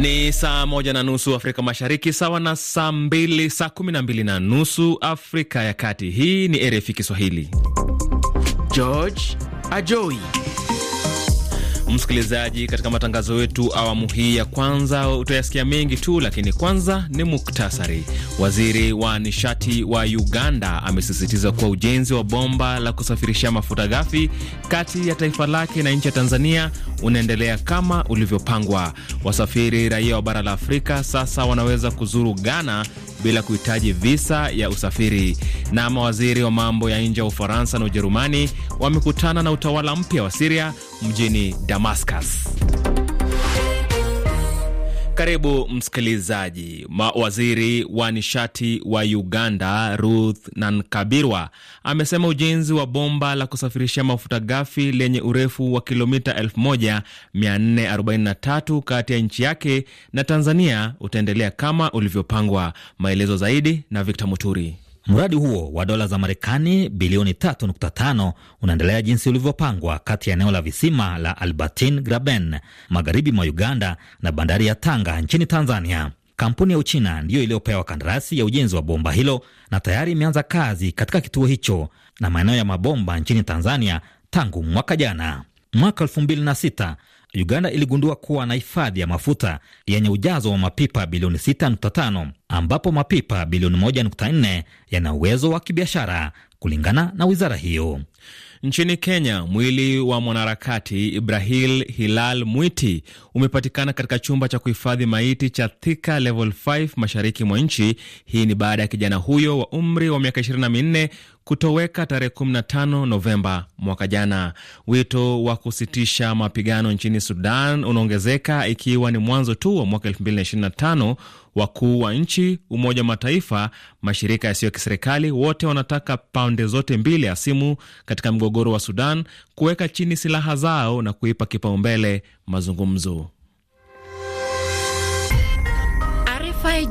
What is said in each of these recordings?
Ni saa moja na nusu Afrika Mashariki, sawa na saa mbili saa kumi na mbili na nusu Afrika ya Kati. Hii ni RFI Kiswahili. George Ajoi Msikilizaji, katika matangazo yetu awamu hii ya kwanza utayasikia mengi tu, lakini kwanza ni muktasari. Waziri wa nishati wa Uganda amesisitiza kuwa ujenzi wa bomba la kusafirisha mafuta ghafi kati ya taifa lake na nchi ya Tanzania unaendelea kama ulivyopangwa. Wasafiri raia wa bara la Afrika sasa wanaweza kuzuru Ghana bila kuhitaji visa ya usafiri. Na mawaziri wa mambo ya nje wa Ufaransa na Ujerumani wamekutana na utawala mpya wa Siria mjini Damascus. Karibu msikilizaji. Waziri wa nishati wa Uganda Ruth Nankabirwa amesema ujenzi wa bomba la kusafirishia mafuta ghafi lenye urefu wa kilomita 1443 kati ya nchi yake na Tanzania utaendelea kama ulivyopangwa. Maelezo zaidi na Victor Muturi. Mradi huo wa dola za Marekani bilioni 3.5 unaendelea jinsi ulivyopangwa kati ya eneo la visima la Albertine Graben magharibi mwa Uganda na bandari ya Tanga nchini Tanzania. Kampuni ya Uchina ndiyo iliyopewa kandarasi ya ujenzi wa bomba hilo na tayari imeanza kazi katika kituo hicho na maeneo ya mabomba nchini Tanzania tangu mwaka jana. Mwaka 2006 Uganda iligundua kuwa na hifadhi ya mafuta yenye ujazo wa mapipa bilioni 6.5 ambapo mapipa bilioni 1.4 yana uwezo wa kibiashara kulingana na wizara hiyo. Nchini Kenya, mwili wa mwanaharakati Ibrahim Hilal Mwiti umepatikana katika chumba cha kuhifadhi maiti cha Thika Level 5 mashariki mwa nchi. Hii ni baada ya kijana huyo wa umri wa miaka 24 kutoweka tarehe 15 Novemba mwaka jana. Wito wa kusitisha mapigano nchini Sudan unaongezeka ikiwa ni mwanzo tu wa mwaka 2025 wakuu wa nchi, Umoja wa Mataifa, mashirika yasiyo ya kiserikali, wote wanataka pande zote mbili hasimu katika mgogoro wa Sudan kuweka chini silaha zao na kuipa kipaumbele mazungumzo.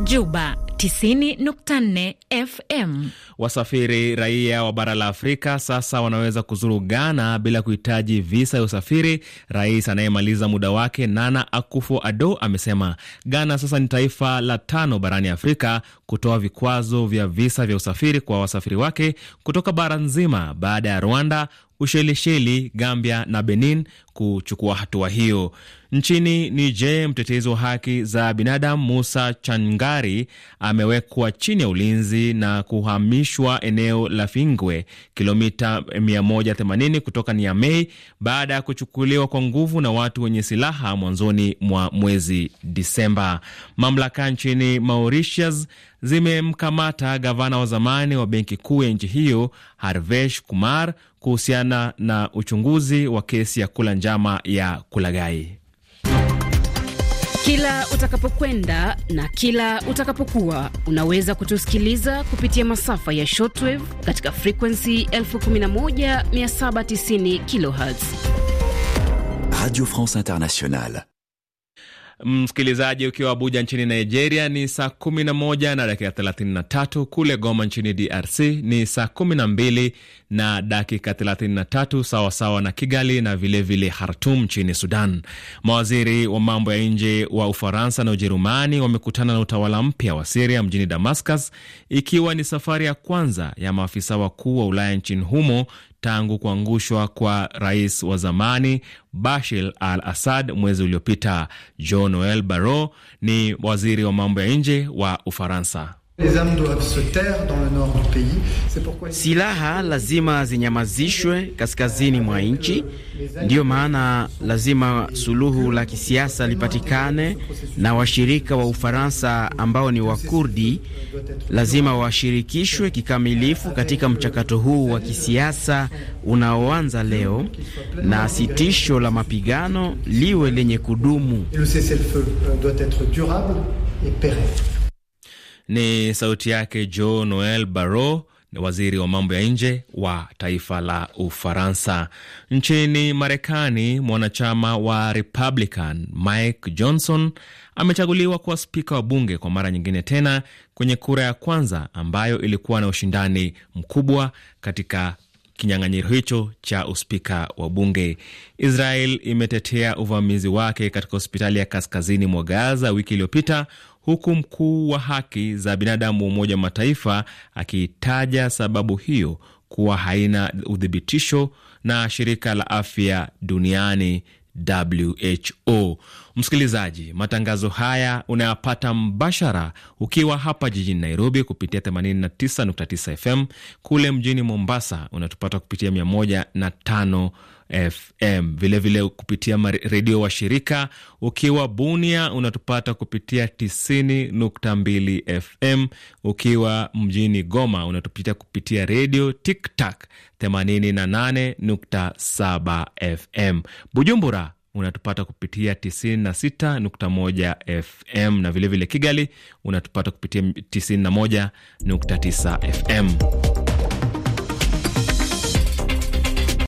Juba 90.4 FM. Wasafiri raia wa bara la Afrika sasa wanaweza kuzuru Ghana bila kuhitaji visa ya usafiri. Rais anayemaliza muda wake Nana Akufo-Addo amesema Ghana sasa ni taifa la tano barani Afrika kutoa vikwazo vya visa vya usafiri kwa wasafiri wake kutoka bara nzima baada ya Rwanda, Ushelisheli, Gambia na Benin kuchukua hatua hiyo. Nchini Niger, mtetezi wa haki za binadamu Musa Changari amewekwa chini ya ulinzi na kuhamishwa eneo la Fingwe, kilomita 180 kutoka Niamey, baada ya kuchukuliwa kwa nguvu na watu wenye silaha mwanzoni mwa mwezi Disemba. Mamlaka nchini Mauritius zimemkamata gavana wa zamani wa benki kuu ya nchi hiyo Harvesh Kumar kuhusiana na uchunguzi wa kesi ya kula njama njama ya kulagai. Kila utakapokwenda na kila utakapokuwa unaweza kutusikiliza kupitia masafa ya shortwave katika frekwensi 11790 kilohertz. Radio France Internationale. Msikilizaji, ukiwa Abuja nchini Nigeria ni saa kumi na dakika tatu. kule Goma nchini DRC ni saa kumi na dakika 33, sawasawa na Kigali na vilevile vile Hartum nchini Sudan. Mawaziri wa mambo ya nje wa Ufaransa na Ujerumani wamekutana na utawala mpya wa Siria mjini Damascus, ikiwa ni safari ya kwanza ya maafisa wakuu wa Ulaya nchini humo tangu kuangushwa kwa rais wa zamani Bashir al Assad mwezi uliopita. Jean Noel Barrot ni waziri wa mambo ya nje wa Ufaransa. Silaha lazima zinyamazishwe kaskazini mwa nchi. Ndiyo maana lazima suluhu la kisiasa lipatikane, na washirika wa Ufaransa ambao ni Wakurdi lazima washirikishwe kikamilifu katika mchakato huu wa kisiasa unaoanza leo, na sitisho la mapigano liwe lenye kudumu. Ni sauti yake Jo Noel ni waziri wa mambo ya nje wa taifa la Ufaransa. Nchini Marekani, mwanachama wa Republican Mike Johnson amechaguliwa kuwa spika wa bunge kwa mara nyingine tena kwenye kura ya kwanza ambayo ilikuwa na ushindani mkubwa katika kinyang'anyiro hicho cha uspika wa bunge. Israel imetetea uvamizi wake katika hospitali ya kaskazini mwa Gaza wiki iliyopita, huku mkuu wa haki za binadamu wa Umoja wa Mataifa akiitaja sababu hiyo kuwa haina uthibitisho na shirika la afya duniani WHO. Msikilizaji, matangazo haya unayapata mbashara ukiwa hapa jijini Nairobi kupitia 89.9 FM. Kule mjini Mombasa unatupata kupitia 105 FM. Vilevile vile kupitia redio wa shirika, ukiwa Bunia unatupata kupitia 90.2 FM, ukiwa mjini Goma unatupita kupitia redio Tiktak 88.7 FM. Bujumbura unatupata kupitia 96.1 FM na vilevile vile Kigali unatupata kupitia 91.9 FM.